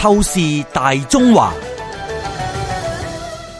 透視大中華。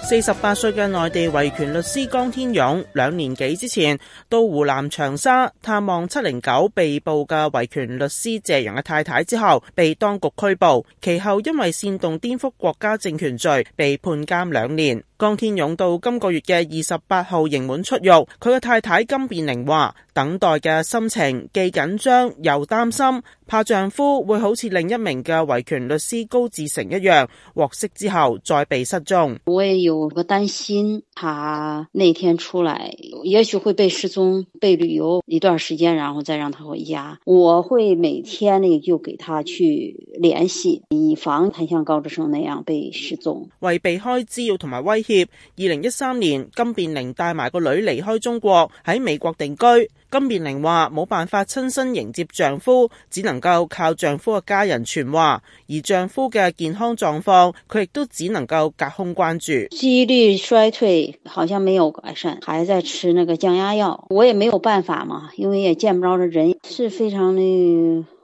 四十八歲嘅內地維權律師江天勇，兩年幾之前到湖南長沙探望七零九被捕嘅維權律師謝陽嘅太太之後，被當局拘捕，其後因為煽動顛覆國家政權罪被判監兩年。江天勇到今個月嘅二十八號刑滿出獄，佢嘅太太金變玲話：等待嘅心情既緊張又擔心，怕丈夫會好似另一名嘅維權律師高志成一樣，獲釋之後再被失蹤。我也有個擔心，他那天出來，也許會被失蹤、被旅遊一段時間，然後再讓他回家。我會每天呢就給他去聯繫，以防他像高志生那樣被失蹤。為避開滋擾同埋威脅。二零一三年，金變玲帶埋個女離開中國，喺美國定居。金變玲話冇辦法親身迎接丈夫，只能夠靠丈夫嘅家人傳話，而丈夫嘅健康狀況，佢亦都只能夠隔空關注。記憶力衰退，好像沒有改善，還在吃那個降壓藥。我也沒有辦法嘛，因為也見不着人，是非常的。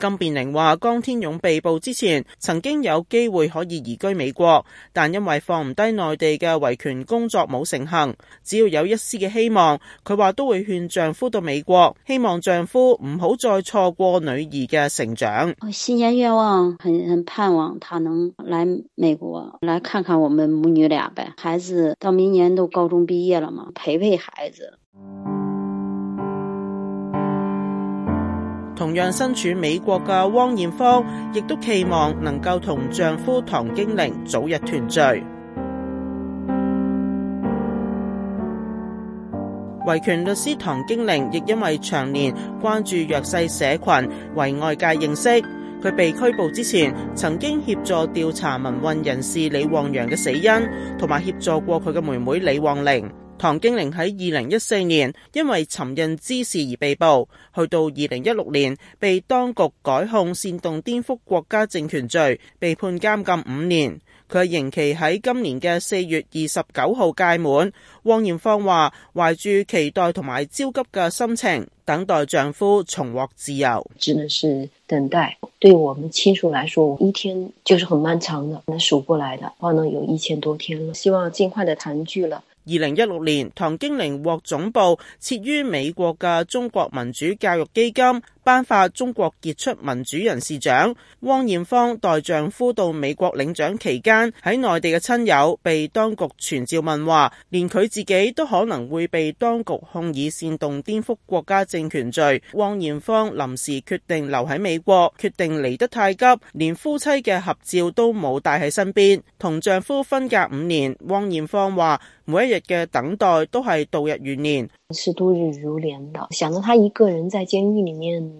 金變玲話：江天勇被捕之前，曾經有機會可以移居美國，但因為放唔低內地嘅維權工作冇成行。只要有一絲嘅希望，佢話都會勸丈夫到美國，希望丈夫唔好再錯過女兒嘅成長。我新年願望，很很盼望他能來美國，來看看我們母女倆唄。孩子到明年都高中畢業了嘛，陪陪孩子。同樣身處美國嘅汪艷芳，亦都期望能夠同丈夫唐荊陵早日團聚。維權律師唐荊陵亦因為長年關注弱勢社群，為外界認識。佢被拘捕之前，曾經協助調查民運人士李旺陽嘅死因，同埋協助過佢嘅妹妹李旺玲。唐荊陵喺二零一四年因為尋釁滋事而被捕，去到二零一六年被當局改控煽動顛覆國家政權罪，被判監禁五年。佢刑期喺今年嘅四月二十九號屆滿。汪艷芳話：懷住期待同埋焦急嘅心情，等待丈夫重獲自由。只能是等待，對我們親屬來說，一天就是很漫長的，能數過來的話呢，有一千多天，希望盡快的團聚了。二零一六年，唐荊陵獲總部設於美國嘅中國民主教育基金頒發中國傑出民主人士獎，汪艷芳代丈夫到美國領獎期間，喺內地嘅親友被當局傳召問話，連佢自己都可能會被當局控以煽動顛覆國家政權罪。汪艷芳臨時決定留喺美國，決定嚟得太急，連夫妻嘅合照都冇帶喺身邊。同丈夫分隔五年，汪艷芳話：每一日嘅等待都係度日如年。是度日如年嘅，想到他一個人在監獄裏面。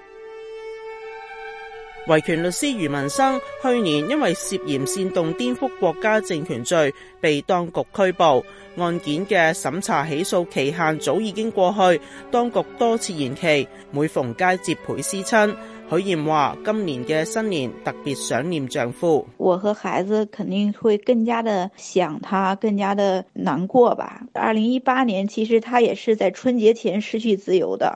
維權律師余文生去年因為涉嫌煽動顛覆國家政權罪被當局拘捕，案件嘅審查起訴期限早已經過去，當局多次延期。每逢佳節倍思親，許艷話：今年嘅新年特別想念丈夫。我和孩子肯定會更加的想他，更加的難過吧。二零一八年其實他也是在春節前失去自由的。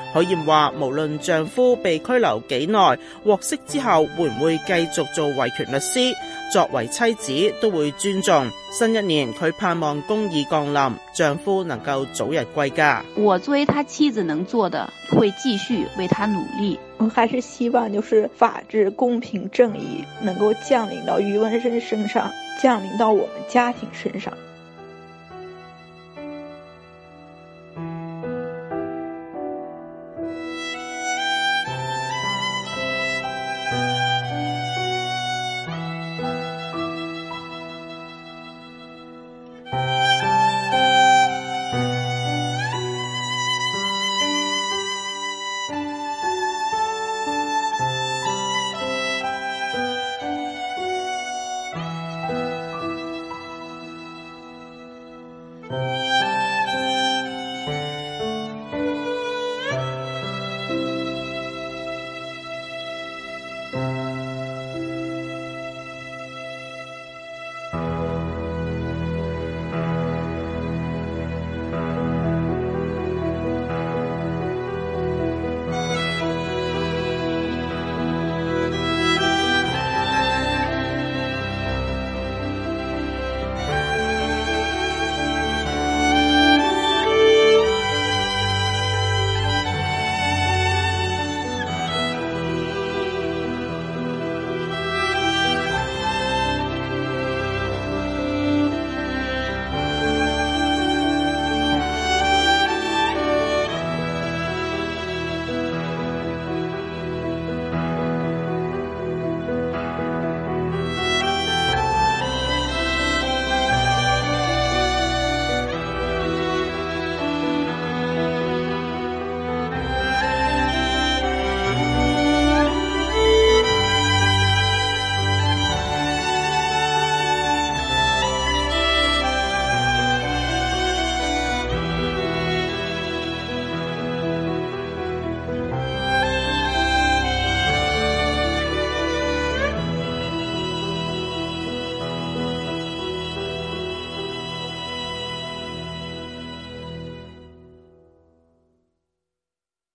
許艷話：無論丈夫被拘留幾耐，獲釋之後會唔會繼續做維權律師，作為妻子都會尊重。新一年佢盼望公義降臨，丈夫能夠早日歸家。我作為他妻子能做的，會繼續為他努力。我還是希望就是法治、公平、正義能夠降臨到余文生身、身上，降臨到我們家庭身上。